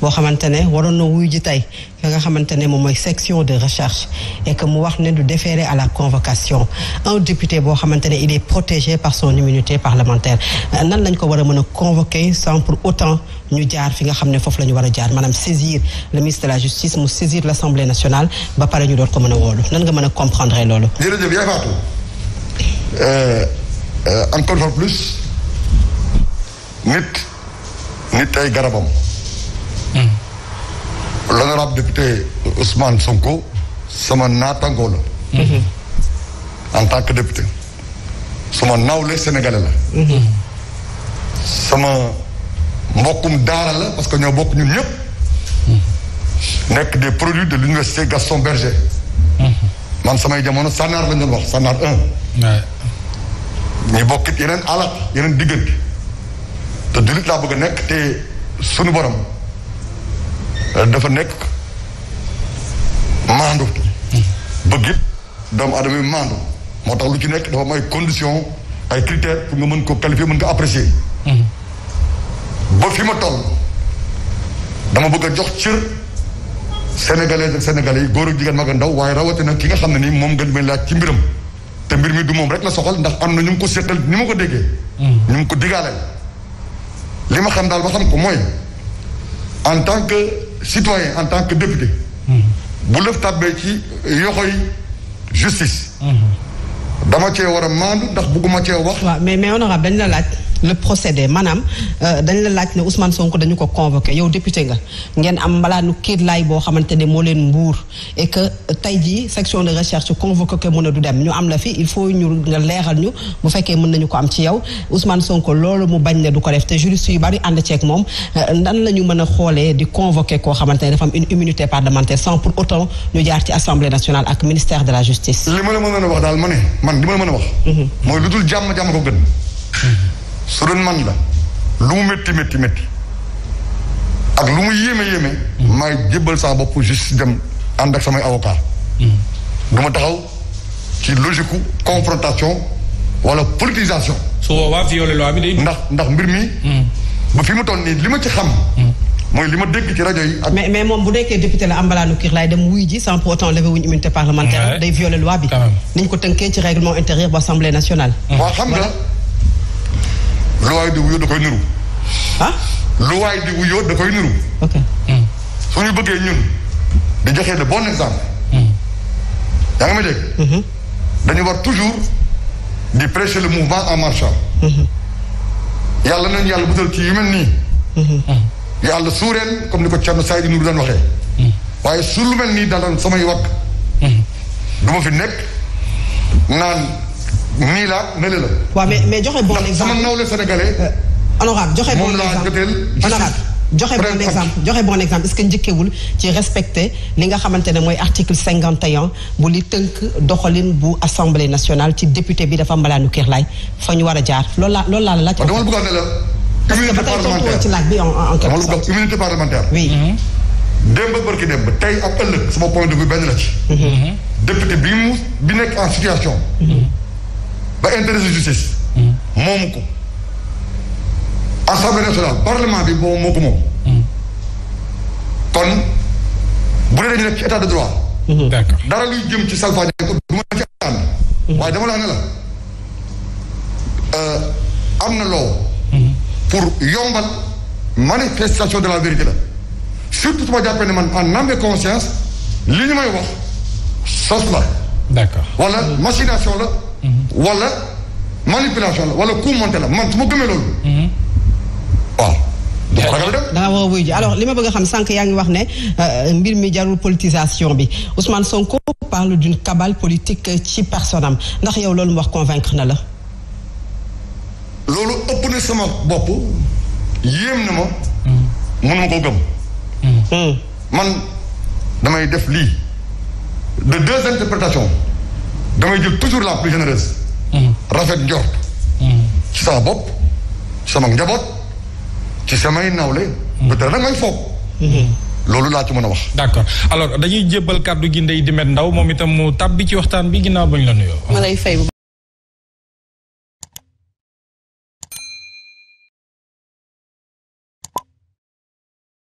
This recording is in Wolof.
boo xamante ne waroon na wuyu ji tey ka nga xamante ne moom mooy section de recherche et que mu wax ne du defeere à la convocation un député boo xamante ne il est protégé par son immunité parlementaire nan lañ ko war a mën a convoquer sans pour autant ñu jaar fi nga xam ne foofu la ñu war a jaar maanaam saisir le ministre de la justice mu saisir l' assemblée nationale ba pare ñu doon ko mën a woolu nan nga mën a comprendre loolu. jërëjëf euh, euh, nit nit garabam. l'honorable député Ousmane Sonko sama naatangoo la. Mhm. en tant que député. sama nawle sénégalais la. Mhm. sama mbokkum daara la parce que ñoo bokk ñun ñëpp. Mhm. nekk des produits de l'université Gaston Berger. man samay jamono Sanaar lañ doon wax Sanaar 1. ñu bokkit yeneen alal yeneen diggante te jullit laa bëgg nekk te sunu borom. dafa nekk maandu. bëgg it doomu aadama yi maandu moo tax lu ci nekk dafa mooy condition conditions ay critères pour nga mën koo qualifier mën ko apprécier. ba fi ma toll dama bëgg a jox cër sénégalais ak sénégalais yi góor ak jigéen mag ak ndaw waaye rawatina ki nga xam ne nii moom nga may laaj ci mbiram te mbir mi du moom rek la soxal ndax am na ñu ngi ko seetal ni ma ko déggee. ñu ngi ko digaaleel. li ma xam daal ba xam ko mooy en tant que. citoyen en tant que député. Mm-hmm. bu lëf tàbbee ci yoxoy justice. Mm-hmm. dama cee war a maandu ndax bugguma cee wax. waaw mais mais honorable dañ la laaj. le procédé maanaam euh, dañ la laaj ne Ousmane Sonko dañu ko convoqué yow député nga ngeen am mbalaanu kiir laay boo xamante ne moo leen mbuur et que euh, tey jii section de recherche convoqué ko mën a du dem ñu am la fi il faut ñu nga leeral ñu bu fekkee mën nañu ko am ci yow Ousmane Sonko loolu mu bañ ne du ko def te juriste yu bari ànd ceek moom euh, nan la ñu mën a xoolee di convoqué koo xamante ne dafa am une immunité parlementaire sans pour autant ñu jaar ci assemblée nationale ak ministère de la justice. li ma la mën a wax mhm. su doon man la lu mu métti métti métti ak lu mu yéeme yéeme. Mm-hmm. maay jébbal saa bopp juste dem ànd ak samay avocat mm-hmm. du ma taxaw ci logique confrontation wala politisation. su boobaa violé bi ndax ndax mbir mi. Mm-hmm. ba fi mu toll nii li ma ci xam. mooy li ma dégg ci rajo mais mais moom bu nekkee député la ambalaanu kiir laay dem wuy ji sans pour autant lever wuñu immunité parlementaire. day violé bi. ni ñu ko tënkee ci règlement intérieur bu assemblée lu waay di wuyoo da koy niru. ah. lu waay di da koy niru. ok. Hmm. ñu bëggee ñun di joxe le bon exemple. Hmm. yaa ngi may dégg. Mhm. dañu war toujours di prêcher le mouvement en marchant. Mhm. yàlla nañu yàlla bëtal ci yu mel nii. Mhm. Hmm. yàlla suureen comme ni ko Thierno Saïd Nourou daan waxee. waaye su lu mel nii daaloon samay wàkk. du ma fi nekk naan. nii la ne la. waaw mais mais joxe bon exemple ndax sama nawle sénégalais. Euh, honorable joxe bon exemple moom laa joteel. honorable joxe bon joxe bon exemple est-ce que njëkkewul ci respecter li nga xamante ne mooy article cinquante et un bu li tënk doxalin bu assemblée nationale ci député bi dafa mbalaanu kër laay fa ñu war a jaar loolu laa la laaj. dama la bëgg a ne la. immunité parlementaire ci laaj bi en en quelque sorte immunité parlementaire. oui. Mm-hmm. tey ak ëllëg sama point de vue benn la ci. Mm-hmm. député bi mu bi nekk en situation. Mm-hmm. ba intérêt justice. moom ko. assemblée nationale parlement bi boobu moo ko moom. kon bu dee dañu nekk ci état de droit. d'accord dara luy jëm ci salfaañe ko du ma ci euh, am na loo. pour yombal manifestation de la vérité la surtout su ma jàppee man en âme conscience li ñu may la. d'accord wala machination la. Mm-hmm. wala manipulation la wala coup monté la man su ma gëmee loolu. Mm-hmm. danga war wuy ji alors li ma bëgg a xam sànq yaa ngi wax ne euh, mbir mi jarul politisation bi Ousmane Sonko parle d'une cabale politique euh, ci personne ndax yow loolu mu wax convaincre na la loolu ëpp na sama bopp yéem na ma mm-hmm. mënuma ko gëm mm. man damay def lii de deux interprétations damay jël toujours la plus généreuse. Hmm. rafet njort. Hmm. ci sama bopp ci sama njaboot ci samay nawle. bu hmm. dara nag may foog. loolu laa ci mën a wax. d'accord alors dañuy jébbal kàddu gi Ndeye Dimet Ndaw moom itam mu tàbbi ci waxtaan bi ginnaaw ba ñu la nuyoo. ma lay fay